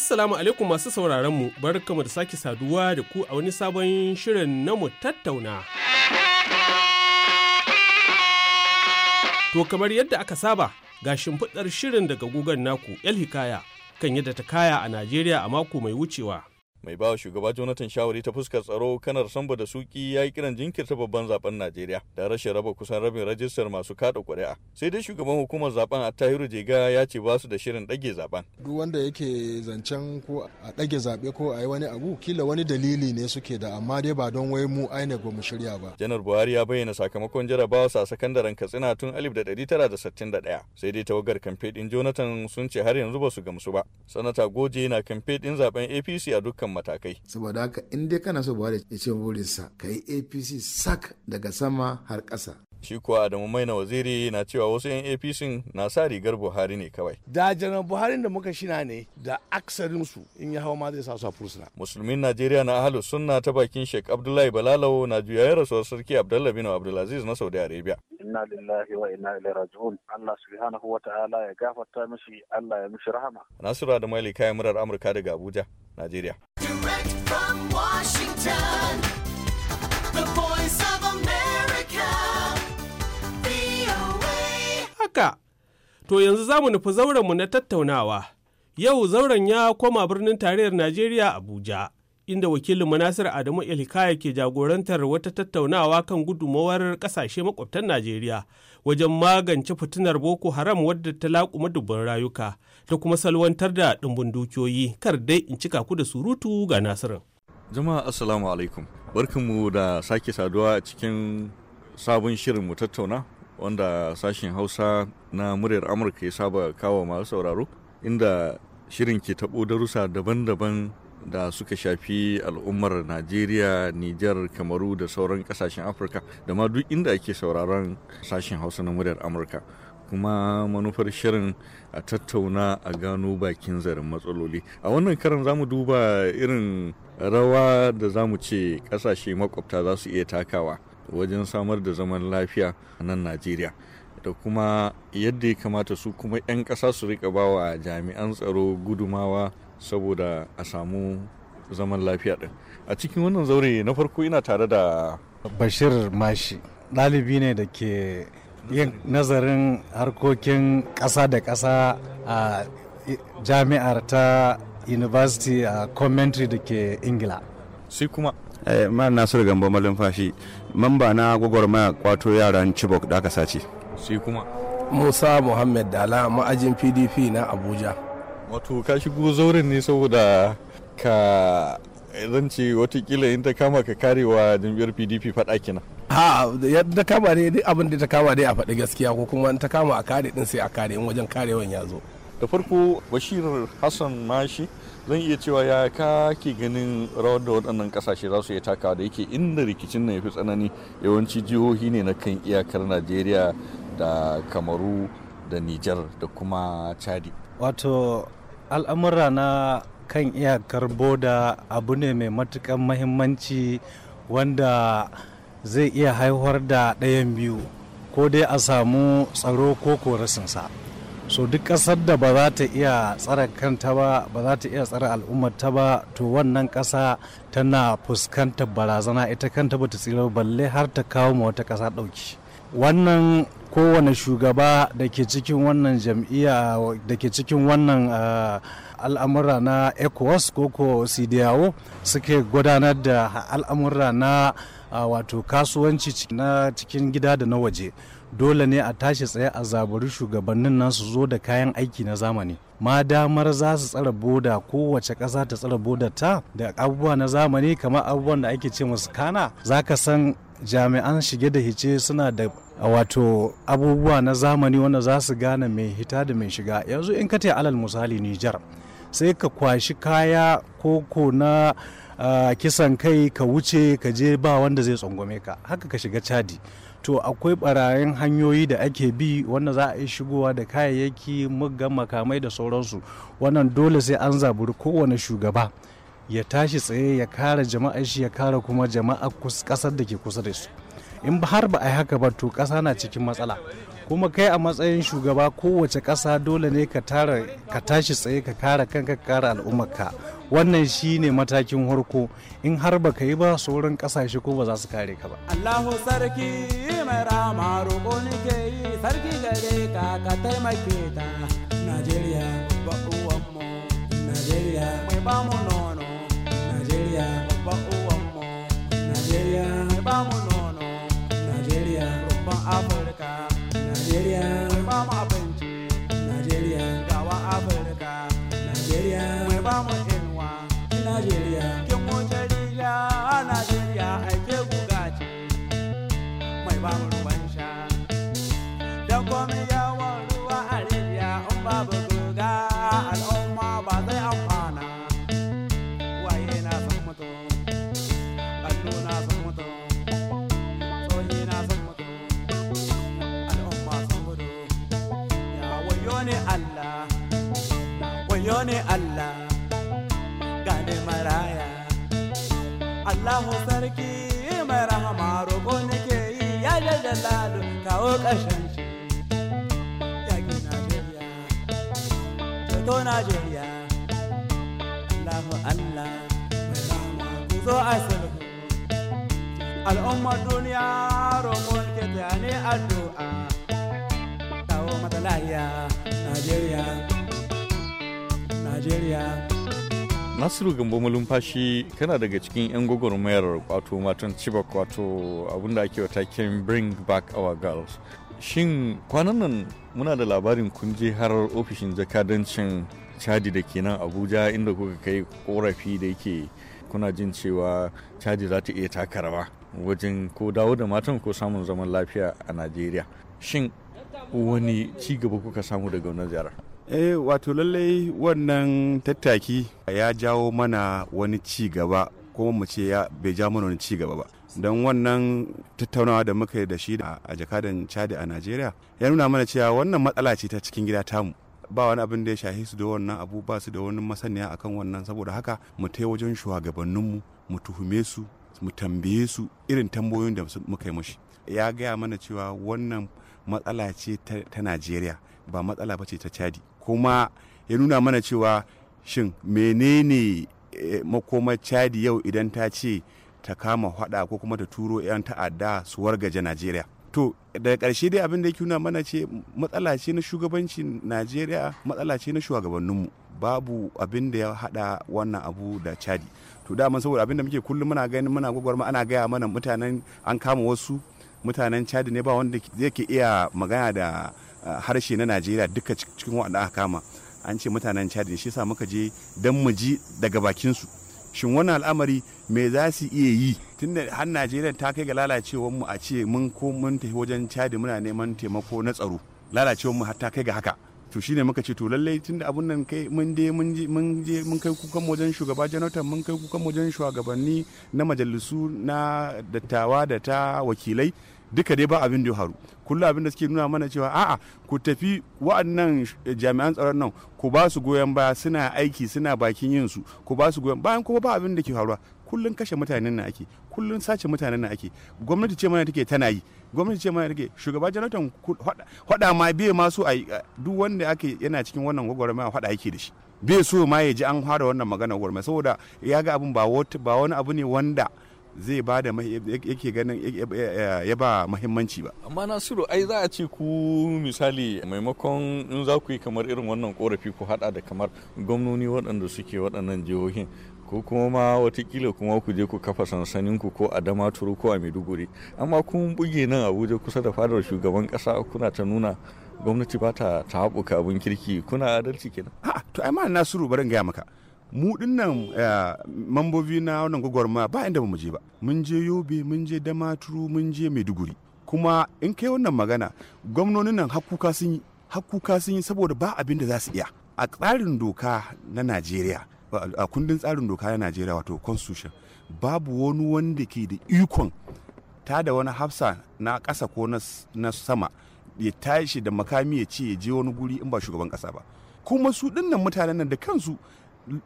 Assalamu alaikum masu sauraron mu barkamu da sake saduwa da ku a wani sabon shirin na mu tattauna. To kamar yadda aka saba ga shimfiɗar shirin daga gugan naku 'yar Hikaya kan yadda ta kaya a Najeriya a mako mai wucewa. mai bawa shugaba jonathan shawari ta fuskar tsaro kanar samba da suki ya yi kiran jinkirta babban zaben najeriya da rashin raba kusan rabin rajistar masu kada kuri'a sai dai shugaban hukumar zaben a tahiru jega ya ce ba su da shirin dage zaben duk wanda yake zancen ko a dage zabe ko a yi wani abu kila wani dalili ne suke da amma dai ba don wai mu inec ba mu shirya ba janar buhari ya bayyana sakamakon jarabawa sa sakandaren katsina tun da tara 1961 sai dai tawagar kamfe din jonathan sun ce har yanzu ba su gamsu ba sanata goje na kamfe din zaben apc a dukkan matakai saboda haka in dai kana so buhari ya ce burinsa ka yi apc sak daga sama har ƙasa shi kuwa adamu maina waziri na cewa wasu 'yan apc na sa rigar buhari ne kawai da janar buhari da muka shina ne da aksarinsu in ya hawa ma zai sa su a fursuna musulmin najeriya na ahalus sunna ta bakin sheikh abdullahi balalau na juyayen rasuwar sarki abdullahi bin abdulaziz na saudi arabia inna lillahi wa inna ilaihi raji'un allah subhanahu wa ta'ala ya gafarta mishi allah ya mishi rahama nasiru da Ali kayan murar amurka daga abuja Najeriya. Haka, to yanzu za mu nufi mu na tattaunawa. Yau zauren ya koma birnin tarayyar Najeriya Abuja. inda wakilin Nasir Adamu Ilkaya ke jagorantar wata tattaunawa kan gudumawar kasashe makwabtan Najeriya wajen magance fitinar Boko Haram wadda ta laƙuma dubban rayuka ta kuma salwantar da ɗumbin dukiyoyi kar dai in cika ku da surutu ga Nasirin. Jama'a Assalamu alaikum. Barkanmu da sake saduwa a cikin sabon shirin mu tattauna wanda sashen Hausa na muryar Amurka ya saba kawo masu sauraro inda shirin ke taɓo darussa daban-daban da suka shafi al'ummar najeriya niger kamaru da sauran kasashen afirka da ma duk inda ake sauraron sashen hausa na muryar amurka kuma manufar shirin a tattauna a gano bakin zarin matsaloli a wannan karan zamu duba irin rawa da zamu ce kasashe makwabta za su iya takawa wajen samar da zaman lafiya a nan najeriya da kuma yadda ya kamata su kuma 'yan ƙasa su rika bawa jami'an tsaro gudumawa saboda a samu zaman lafiya din a cikin wannan zaure na farko ina tare da bashir mashi ɗalibi ne da ke yin nazarin harkokin ƙasa da ƙasa a jami'ar ta university a commentary da ke ingila sai kuma eh, mara nasiru gambo fashi mamba na gwagwarmaya kwato yaran chibok da aka sace sai kuma musa muhammad dala ma'ajin pdp na abuja wato ka shigo zauren ne saboda ka zan ce watakila in ta kama ka karewa jam'iyyar pdp faɗa kina. ha yadda ta kama ne duk abin da ta kama dai a faɗi gaskiya ko kuma in ta kama a kare din sai a kare in wajen karewan ya zo da farko bashir hassan mashi zan iya cewa ya kake ganin rawar da waɗannan ƙasashe za su iya takawa da yake inda rikicin na ya fi tsanani yawanci jihohi ne na kan iyakar najeriya da kamaru da nijar da kuma chadi wato al'amura na kan iyakar boda abu ne mai matukan mahimmanci wanda zai iya haihuwar da ɗayan biyu ko dai a samu tsaro ko korasinsa so duk ƙasar da ba za ta iya tsara kanta ba ba za ta iya tsara ta ba to wannan ƙasa tana fuskantar barazana ita kanta ba ta tsira balle har ta kawo ma wata ƙasa ɗauki wannan kowane shugaba da ke cikin wannan jam'iyya da ke cikin wannan ah, al'amura na ecowas ko ko cdao suke gudanar da al'amura na ah, wato kasuwanci na cikin gida da na waje dole ne a tashi tsaye a zaburi shugabannin nasu zo da kayan aiki na zamani ma damar za su tsara boda kowace ƙasa ta tsara boda ta da abubuwa na zamani kamar abubuwan da ake ce musu kana za ka san jami'an shige da hice suna da wato abubuwa na zamani wanda za su gane mai hita da mai shiga yanzu in ka te alal misali nijar sai ka kwashi kaya koko na ah, kisan kai ka wuce ka je ba wanda zai tsangwame ka haka ka shiga chadi. to akwai barayin hanyoyi da ake bi wanda za a yi shigowa da kayayyaki muggan makamai da sauransu wannan dole sai an zaburi kowane shugaba ya tashi tsaye ya kare jama'a shi ya kare kuma jama'a kasar da ke kusa da su in har ba a yi haka ba to ƙasa na cikin matsala kuma kai a matsayin shugaba kowace ƙasa dole ne ka tashi tsaye ka kare kanka ka kare al'ummarka wannan shi ne matakin harko in har ba ka yi ba sauran ƙasashe ko ba za su kare ka ba Allahu sarki mai rama roƙo ke yi sarki gare ka ka taimake ta Najeriya ba mu Najeriya mai ba mu Baba. so a al'ummar duniya roƙon ke ne addu'a kawo mata lahiya nigeria najeriya nasiru gambo malumfashi kana daga cikin 'yan gwagwarmayar kwato matan cibak kwato abinda ake watakin bring back our girls shin kwanan nan muna da labarin kun je har ofishin jakadancin chadi da kenan abuja inda kuka kai korafi da yake kuna jin cewa caji za ta iya taka rawa wajen ko dawo da matan ko samun zaman lafiya a najeriya shin wani ci gaba kuka samu daga wannan ziyara. eh wato lallai wannan tattaki ya jawo mana wani ci gaba kuma mu ce bai ja mana wani ci gaba ba don wannan tattaunawa da muka yi da shi a jakadan chadi a najeriya ya nuna mana cewa wannan matsala ce ta cikin gida tamu ba wani abin da ya shahe su da wannan abu ba su da wani masaniya akan wannan saboda haka mu tai wajen shugabanninmu mu tuhume su mu tambaye su irin tambayoyin da muka yi mashi ya gaya mana cewa wannan matsala ce ta najeriya ba matsala ba ce ta chadi kuma ya nuna mana cewa shin menene eh, makoma chadi yau idan ta ce ta kama hada ko kuma ta turo 'yan ta'adda su wargaje najeriya to daga karshe dai abin da yake nuna mana ce matsala ce na shugabancin najeriya matsala ce na shugabanninmu babu abin da ya hada wannan abu da chadi to dama saboda abin da muke kullum muna ganin muna gwagwarma ana gaya mana mutanen an kama wasu mutanen chadi ne ba wanda yake iya magana da ah, harshe na najeriya duka cikin wanda aka kama an ce mutanen chadi ne shi sa muka je don mu ji daga bakinsu shin wannan al'amari me za su iya yi tunda har najeriya ta kai ga lalacewar mu a ce mun ko mun tafi wajen cadi muna neman taimako na tsaro lalacewar mu har ta kai ga haka to shine muka ce to lallai tunda abun nan kai mun je mun je mun kai kukan wajen shugaba Jonathan mun kai kukan wajen shugabanni na majalisu na dattawa da ta wakilai duka dai ba abin da ya haru kullum abin da suke nuna mana cewa a'a ku tafi wa'annan jami'an tsaron nan ku ba su goyon baya suna aiki suna bakin yin su ku ba su goyon bayan kuma ba abin da ke faruwa kullum kashe mutanen na ake kullum sace mutanen na ake gwamnati ce mana take tana yi gwamnati ce ma rage shugaba jonathan hada ma biye ma so a duk wanda ake yana cikin wannan gwagwarmaya hada yake da shi bai so ma ya ji an fara wannan magana gwagwarmaya saboda ya ga abin ba wani abu ne wanda zai ba da yake ganin ya ba mahimmanci ba amma nasiru ai za a ce ku misali maimakon in za ku yi kamar irin wannan korafi ku hada da kamar gwamnoni waɗanda suke waɗannan jihohin ko kuma ma watakila kuma ku je ku kafa sansanin ku ko a damaturu ko a maiduguri amma kun buge nan abuja kusa da fadar shugaban kasa kuna ta nuna gwamnati ba ta haɓuka abin kirki kuna adalci kenan a to ai ma nasiru barin gaya maka mu nan eh, mambobi na wannan ma ba inda mu je ba mun je yobe mun je damaturu mun je maiduguri kuma in kai wannan magana gwamnonin nan hakkuka sun yi hakkuka sun yi saboda ba abin da za su iya a tsarin doka na najeriya a kundin tsarin doka na Najeriya wato constitution babu wani wanda ke da ikon ta da wani hafsa na ƙasa ko na sama ya tashi da makami ya ce ya je wani guri in ba shugaban kasa ba kuma su dinnan mutanen nan da kansu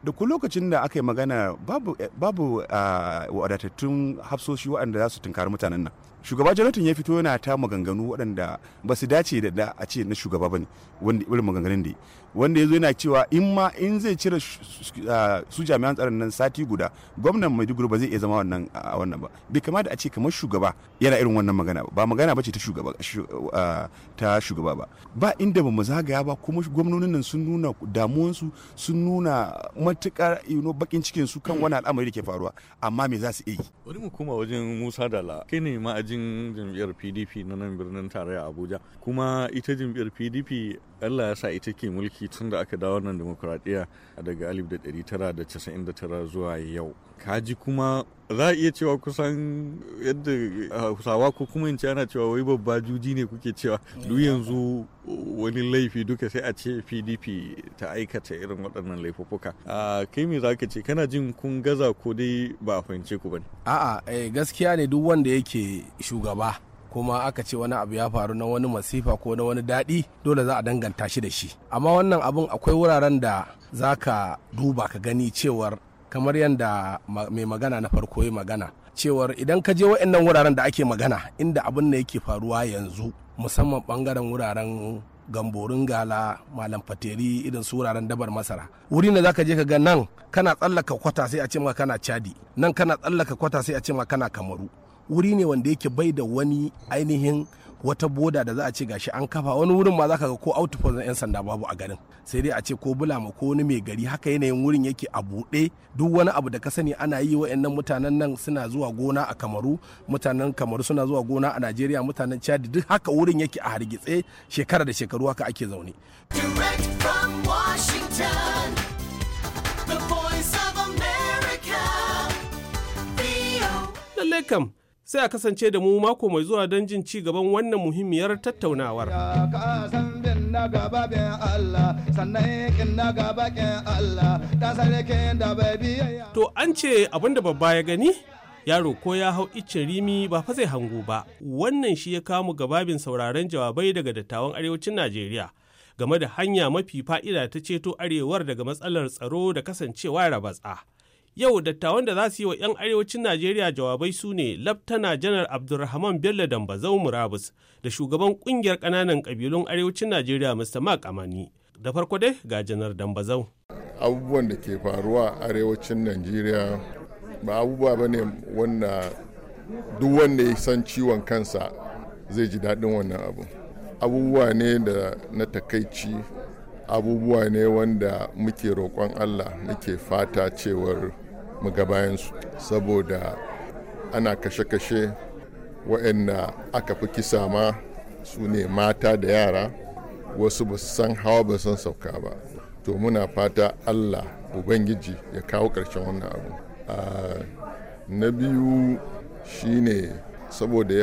da ku lokacin da aka yi magana babu wadatattun hafsoshi waɗanda za su tunkari mutanen nan shugaba jonathan ya fito yana ta maganganu waɗanda ba su dace da da a ce na shugaba ba ne wanda irin maganganun da wanda ya zo yana cewa in ma in zai cire su jami'an tsaron nan sati guda gwamnan maiduguri ba zai iya zama wannan a wannan ba bai kamata a ce kamar shugaba yana irin wannan magana ba magana ba ce ta shugaba ta shugaba ba ba inda ba mu zagaya ba kuma gwamnonin nan sun nuna damuwansu sun nuna matukar ino bakin cikin su kan wani al'amari da ke faruwa amma me za su iya yi wani mu kuma wajen musa dala kai ne ma'ajin sojojin jam'iyyar pdp na nan birnin tarayya abuja kuma ita jam'iyyar pdp Allah ya sa ita ke mulki tun da aka dawo nan demokuraɗiyya daga 1999 zuwa yau. Kaji kuma za a iya cewa kusan yadda hausawa ko kuma in ana cewa wai babba juji ne kuke cewa duk yanzu wani laifi duka sai a ce pdp ta aikata irin waɗannan laifuffuka a kai me za ka ce kana jin kun gaza ko dai ba a fahimce ku ba ne a'a eh, gaskiya ne duk wanda yake shugaba kuma aka ce wani abu ya faru na wani masifa ko na wani daɗi dole za a danganta shi da shi amma wannan abun akwai wuraren da za ka duba ka gani cewar kamar yadda mai magana na farko ya magana cewar idan ka je waɗannan wuraren da ake magana inda abin da yake faruwa yanzu musamman bangaren wuraren gamborin gala malam fateri irin su wuraren dabar masara wuri ne zaka je ka ga nan kana tsallaka kwata sai a ce kana chadi nan kana tsallaka kwata sai a ce kana kamaru wuri ne wanda yake bai da wani ainihin wata boda da za a ce gashi an kafa wani wurin ma za ka ga ko outpost na 'yan sanda babu a garin sai dai a ce ko bula ma ko wani mai gari haka yanayin wurin yake a buɗe duk wani abu da ka sani ana yi wa nan mutanen nan suna zuwa gona a kamaru mutanen kamaru suna zuwa gona a najeriya mutanen chad duk haka wurin yake a hargitse shekara da shekaru haka ake zaune. sai a kasance da mu mako mai zuwa don jin ci gaban wannan muhimmiyar tattaunawar. To an ce abinda babba ya gani? Yaro ko ya hau icce rimi ba fa zai hango ba, wannan shi ya kamu gababin sauraron jawabai daga dattawan arewacin Najeriya game da hanya mafi fa'ida ta ceto arewar daga matsalar tsaro da kasancewa rabatsa. Yau dattawan da za su yi wa 'yan arewacin Najeriya jawabai su ne Laftana Janar Abdulrahman Bello Dambazau Murabus da shugaban kungiyar kananan kabilun arewacin Najeriya Mr. Mark Amani. Da farko dai ga Janar Dambazau. Abubuwan da ke faruwa a arewacin Najeriya ba abubuwa ba ne wanda duk wanda ya san ciwon kansa zai ji daɗin wannan abu. Abubuwa ne da na takaici abubuwa ne wanda muke roƙon Allah muke fata cewar mu bayansu saboda ana kashe-kashe waɗanda aka fi kisa ma su ne mata da yara wasu ba su san hawa ba san sauka ba to muna fata allah ubangiji ya kawo ƙarshen wannan abu na biyu shine saboda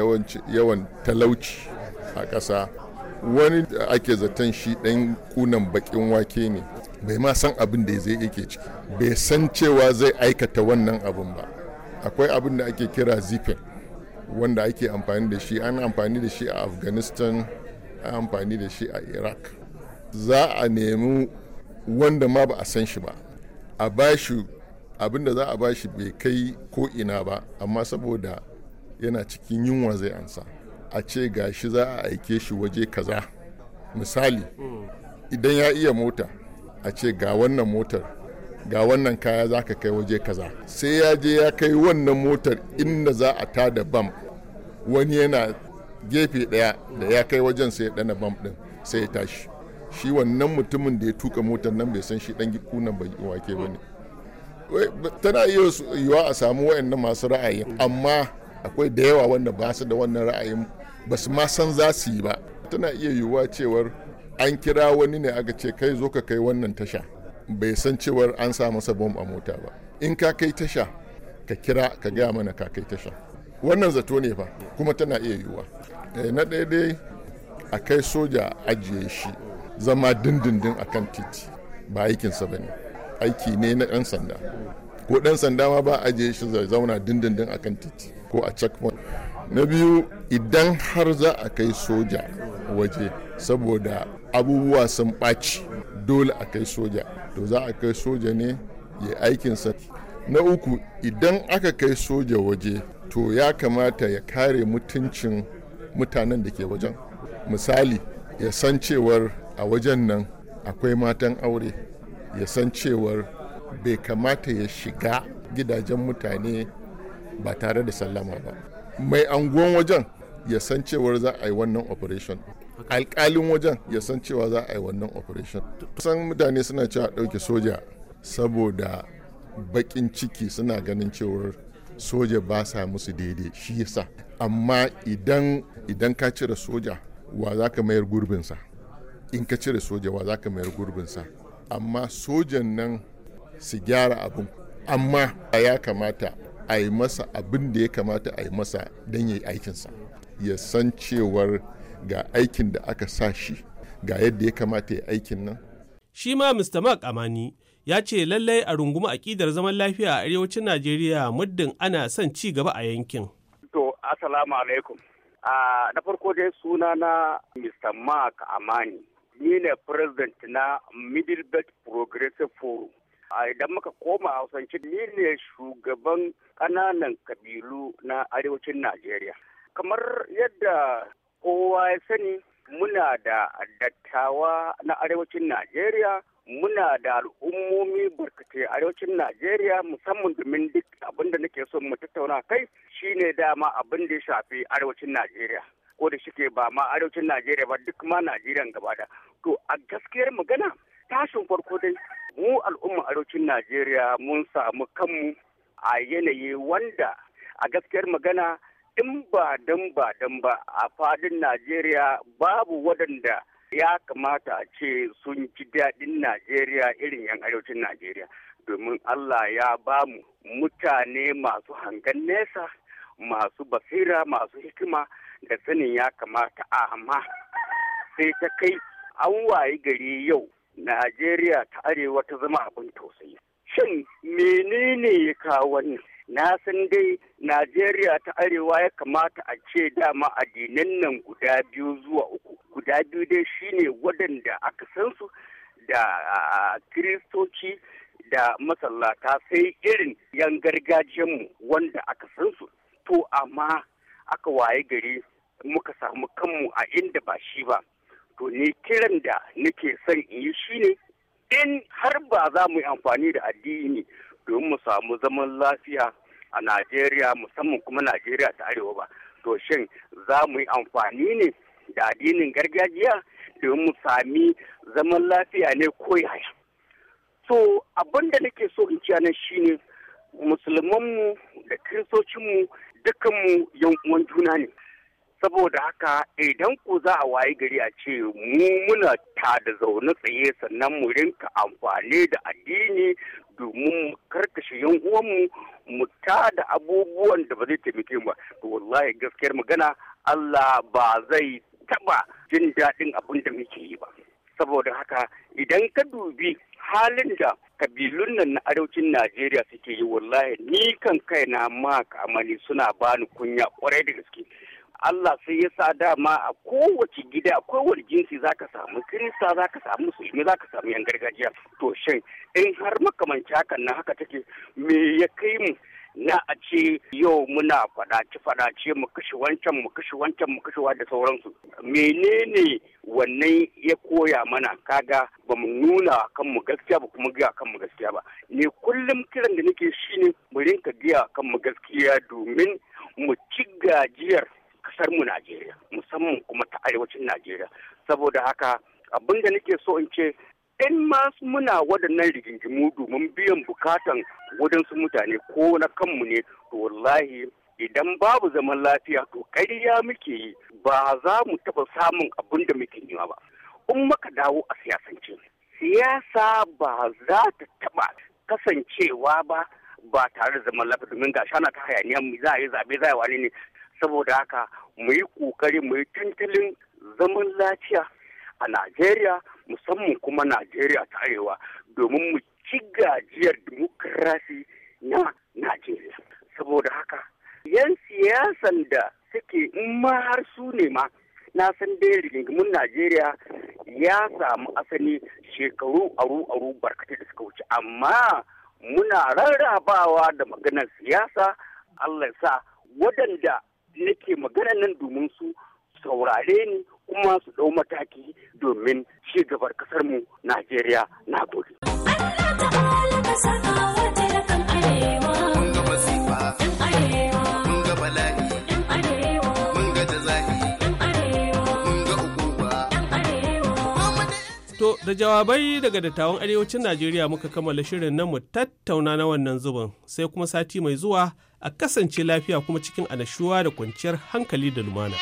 yawan talauci a ƙasa wani da ake zaton shi ɗan kunan baƙin wake ne bai ma san abin da zai yake ciki bai san cewa zai aikata wannan abin ba akwai abin da ake kira zipin wanda ake amfani da shi an amfani da shi a afghanistan an amfani da shi a iraq za a nemi wanda ma ba a san shi ba a bashi abin da za a bashi bai kai ko ina ba amma saboda yana cikin yunwa zai ansa a ce ga shi za a aike shi waje kaza misali mm. idan ya iya mota a ce ga wannan motar ga wannan kaya za ka kai waje kaza sai ya je ya kai wannan motar inda za a ta da bam wani yana gefe daya da ya kai wajen sai ya dana bam din sai ya tashi shi wannan mutumin da ya tuka motar nan bai san shi dan kunan wake ba ne tana iya yiwa a samu wayannan masu ra'ayi amma akwai da yawa wanda ba su da wannan ra'ayin ba su ma san za su yi ba tana iya yiwuwa cewar an kira wani ne aka ce kai zo ka kai wannan tasha bai san cewar an sa masa bom a mota ba in ka kai tasha ka kira ka gaya mana ka kai tasha wannan zato ne fa kuma tana iya yiwuwa eh, na ɗaya dai a kai soja ajiye shi zama dindindin a kan titi ba aikinsa ba ne aiki ne na ɗan sanda ko ɗan sanda ma ba ajiye shi zai zauna dindindin a kan titi ko a checkpoint na biyu idan har za a kai soja waje saboda abubuwa sun ɓaci dole a kai soja to za a kai soja ne ya yi aikinsa na uku idan aka kai soja waje to ya kamata ya kare mutuncin mutanen da ke wajen misali ya san cewar a wajen nan akwai matan aure ya san cewar bai kamata ya shiga gidajen mutane ba tare da sallama ba mai anguwan wajen ya san cewar za a yi wannan operation alkalin wajen ya san cewa za a yi wannan operation san mutane suna cewa ɗauke soja saboda baƙin ciki suna ganin cewar soja ba sa musu daidai shi yasa amma idan ka cire soja wa za ka mayar gurbinsa in ka cire soja wa za ka mayar gurbinsa amma sojan nan su gyara abin amma ya kamata a yi masa abin da ya kamata a yi masa don ya yi aikinsa ya san cewar ga aikin da aka sa shi ga yadda ya kamata ya aikin nan shi ma mr mark amani ya ce lallai a rungumi aƙidar zaman lafiya a arewacin najeriya muddin ana son ci gaba a yankin to assalamu alaikum na farko dai suna na mr mark amani ni ne president na middle belt progressive forum idan muka koma a hausance ni ne shugaban ƙananan kabilu na arewacin najeriya kamar yadda kowa ya sani muna da dattawa na arewacin Najeriya muna da al'ummomi barkatai arewacin Najeriya musamman domin duk abin da nake so mu tattauna kai shine dama abin da ya shafi arewacin Najeriya ko da shike ba ma arewacin Najeriya ba duk ma Najeriya gaba da to a gaskiyar magana tashin farko dai mu al'umma arewacin Najeriya mun samu kanmu a yanayi wanda a gaskiyar magana in ba dan ba dan ba a fadin Najeriya babu waɗanda ya kamata a ce sun ji daɗin Najeriya irin 'yan arewacin Najeriya domin Allah ya ba mu mutane masu hangen nesa masu basira masu hikima da sanin ya kamata amma sai ta kai an waye gari yau Najeriya ta arewa ta zama abin tausayi. Shin menene ya kawo wannan? na san dai najeriya ta arewa ya kamata a ce dama addinan nan guda biyu zuwa uku guda biyu dai shine waɗanda aka san su da kiristoci da masallata sai irin yan gargajiyanmu wanda aka san su to amma aka waye gari muka samu kanmu a inda ba shi ba to ne kiran da nake son in yi shine in har ba za mu yi amfani da addini domin mu samu zaman lafiya a najeriya musamman kuma najeriya ta arewa ba to shin za mu yi amfani ne da addinin gargajiya domin mu sami zaman lafiya ne ko yaya so abin da nake so in ciyana nan ne, musulmanmu da kiristocinmu dukanmu yan uwan juna ne saboda haka idan ku za a wayi gari a ce mu muna ta da zaune tsaye sannan mu rinka amfani da addini domin karkashe yan uwanmu mu ta da abubuwan da ba zai taimake mu ba to wallahi gaskiyar magana Allah ba zai taba jin daɗin abin da muke yi ba saboda haka idan ka dubi halin da kabilun nan na arewacin Najeriya suke yi wallahi ni kan kaina ma kamani suna bani kunya kwarai da gaske Allah sai ya sa dama a kowace gida a kowace jinsi za ka samu kirista za ka samu musulmi za ka samu yan gargajiya to shin in har makamanci hakan na haka take me ya kai mu na a ce yau muna faɗace-faɗace mu kashe wancan mu kashe wancan mu kashe da sauransu menene wannan ya koya mana kaga ba mu nuna kan mu gaskiya ba kuma kan mu gaskiya ba ne kullum kiran da nake shine mu rinka kan mu gaskiya domin mu ci gajiyar Kasar mu Najeriya musamman kuma ta arewacin Najeriya saboda haka abin da nake so in ce in ma muna waɗannan rigingimu domin biyan bukatan waɗansu mutane ko na kanmu ne to wallahi idan babu zaman lafiya to ƙarya muke yi ba za mu taɓa samun abin da muke nema ba in muka dawo a siyasance siyasa ba za ta taɓa kasancewa ba ba tare da zaman lafiya domin ga shana ta hayaniya mu za a yi zaɓe za a yi wani ne saboda haka mu yi kokari mu yi tuntilin zaman lafiya a najeriya musamman kuma najeriya ta arewa domin mu ci gajiyar dimokirasi na najeriya saboda haka yan siyasan da suke in ma har su ne ma na san dai rigingimin najeriya ya samu asali shekaru aru aru barkatai da suka wuce amma muna rarrabawa da maganar siyasa allah sa waɗanda nake magana nan domin su saurare ni kuma su ɗau mataki domin ci gabar kasar mu Najeriya na gode. To da jawabai daga dattawan arewacin Najeriya muka kammala shirin nan mu tattauna na wannan zubin sai kuma sati mai zuwa a kasance lafiya kuma cikin anashuwa da kwanciyar hankali da lumana.